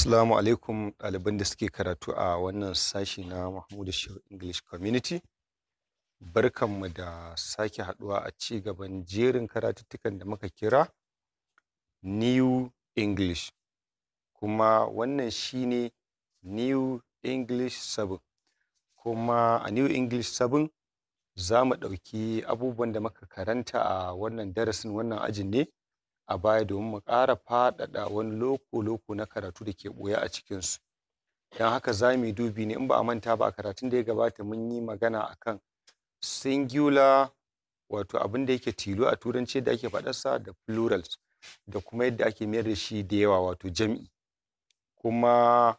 Assalamu alaikum ɗaliban da suke karatu a wannan sashi na Mahmudu Shehu English Community. Barkanmu da sake haɗuwa a ci gaban jerin karatuttukan da muka kira New English. Kuma wannan shine New English 7. Kuma a New English 7 za mu ɗauki abubuwan da muka karanta a wannan darasin wannan ajin ne a baya domin mu ƙara faɗaɗa wani loko-loko na karatu da ke ɓoye a cikinsu don haka za mu yi dubi ne in ba a manta ba a karatun da ya gabata mun yi magana a kan singular wato abin da yake tilo a turanci da ake faɗarsa da plural da kuma yadda ake mayar da shi da yawa wato jami'i. kuma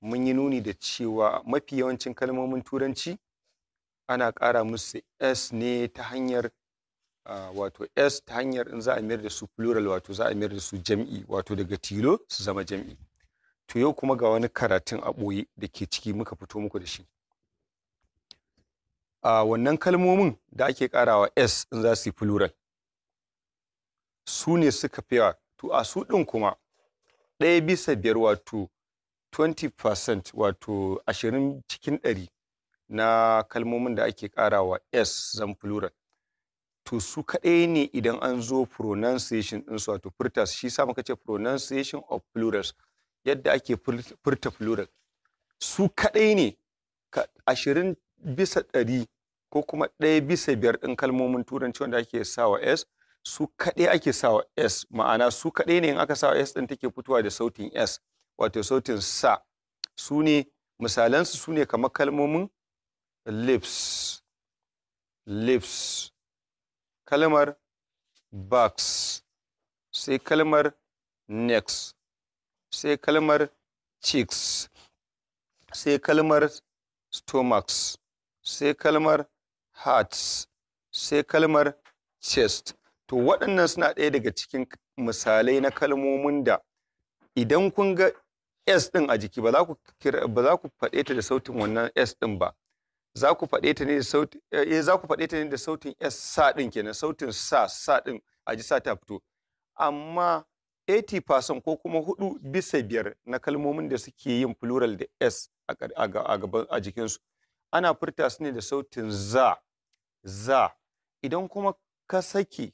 mun yi nuni da cewa mafi yawancin kalmomin turanci ana ƙara musu s ne ta hanyar wato s ta hanyar in za a mayar da su plural wato za a mayar da su jam'i wato daga tilo su zama jam'i to yau kuma ga wani karatun a ɓoye da ke ciki muka fito muku da shi a wannan kalmomin da ake karawa s in za su yi plural su ne suka yawa, to a su ɗin kuma ɗaya bisa biyar wato 20% wato ashirin cikin ɗari na kalmomin da ake karawa s zan plural to su kaɗai ne idan an zo pronunciation ɗin su wato furtas shi sa muka ce pronunciation of plurals yadda ake furta plural su kaɗai ne ka ashirin bisa ɗari ko kuma ɗaya bisa biyar ɗin kalmomin turanci wanda ake sawa s su kaɗai ake sawa s ma'ana su kaɗai ne in aka sawa s ɗin take fitowa da sautin s wato sautin sa su ne misalansu su ne kamar kalmomin lips lips kalmar box sai kalmar next sai kalmar cheeks sai kalmar stomachs sai kalmar hearts sai kalmar chest to waɗannan suna ɗaya daga cikin misalai na kalmomin da idan kun ga s ɗin a jiki ba za ku faɗe ta da sautin wannan s ɗin ba Eh, eh, za ku faɗe ta ne da sautin eh za ku faɗe sautin s sa din kenan sautin sa sa din a ji sa ta fito amma 80% ko kuma hudu bisa biyar na kalmomin da suke yin plural da s a gaban a jikinsu ana furta su ne da sautin za za idan kuma ka sake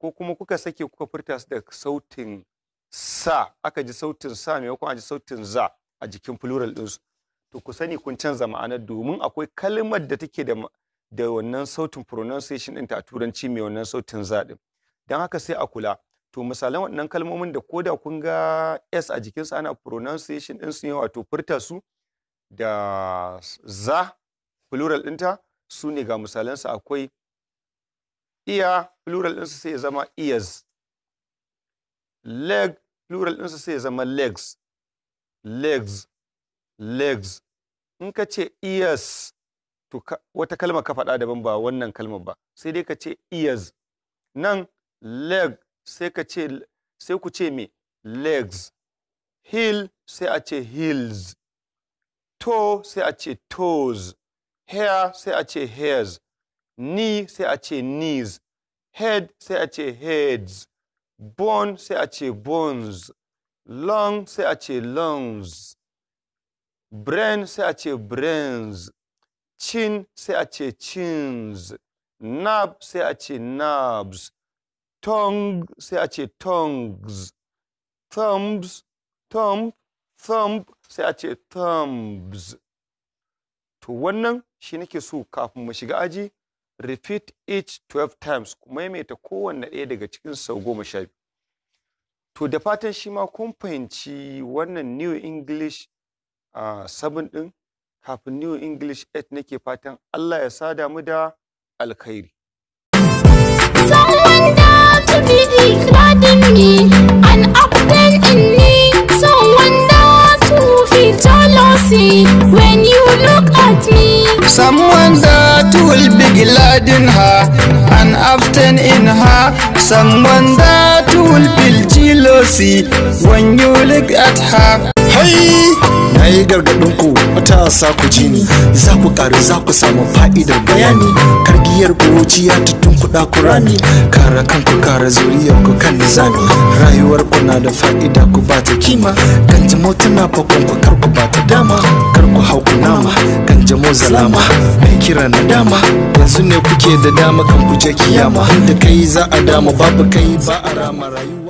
ko kuma kuka sake kuka furta su da sautin sa aka ji sautin sa maimakon a ji sautin za a jikin plural ɗinsu to ku sani kun canza ma'ana domin akwai kalmar da take da da wannan sautin pronunciation ɗin ta turanci mai wannan sautin zaɗin don haka sai a kula to misalan waɗannan kalmomin da ko da kun ga s a jikinsa ana pronunciation ɗin su ne wato furta su da za plural ɗinta su ne ga su akwai iya plural ɗinsu sai ya zama ears leg plural ɗinsu sai ya zama legs legs legs in ka ce ears to wata kalma ka faɗa daban ba wannan kalmar ba sai dai ka ce ears nan leg sai ka ce sai ku ce me legs heel sai a ce heels toe sai a ce toes hair sai a ce hairs knee sai a ce knees head sai a ce heads bone sai a ce bones lung sai a ce lungs brain sai a ce brains chin sai a ce chins nab sai a ce nabs tongue sai a ce tongues thumbs thumb thumb sai a ce thumbs to wannan shi nake so kafin mu shiga aji repeat each 12 times ku maimaita kowanne ɗaya daga cikin sau goma sha biyu to da fatan shi ma kun fahimci wannan new english sabon ɗin kafin New English 8 nake fatan Allah ya sada mu da alkhairi. me in Someone that will be glad in her and often in her. Someone that will feel jealousy when you look at her. Hey! Ayi, gargadin gargaɗin ku matasa ku ji ni za ku ƙaru za ku samu fa'idar bayani kargiyar kuruciya ta tunkuɗa ku rani kara kanku kara zuriyar ku kan nizami rayuwar ku na da fa'ida ku ba ta kima kanjamo tana fakon ku kar ku ba ta dama kar ku hau ku nama zalama mai kira na dama yanzu ne kuke da dama kan ku je kiyama da kai za a dama babu kai ba a rama rayuwa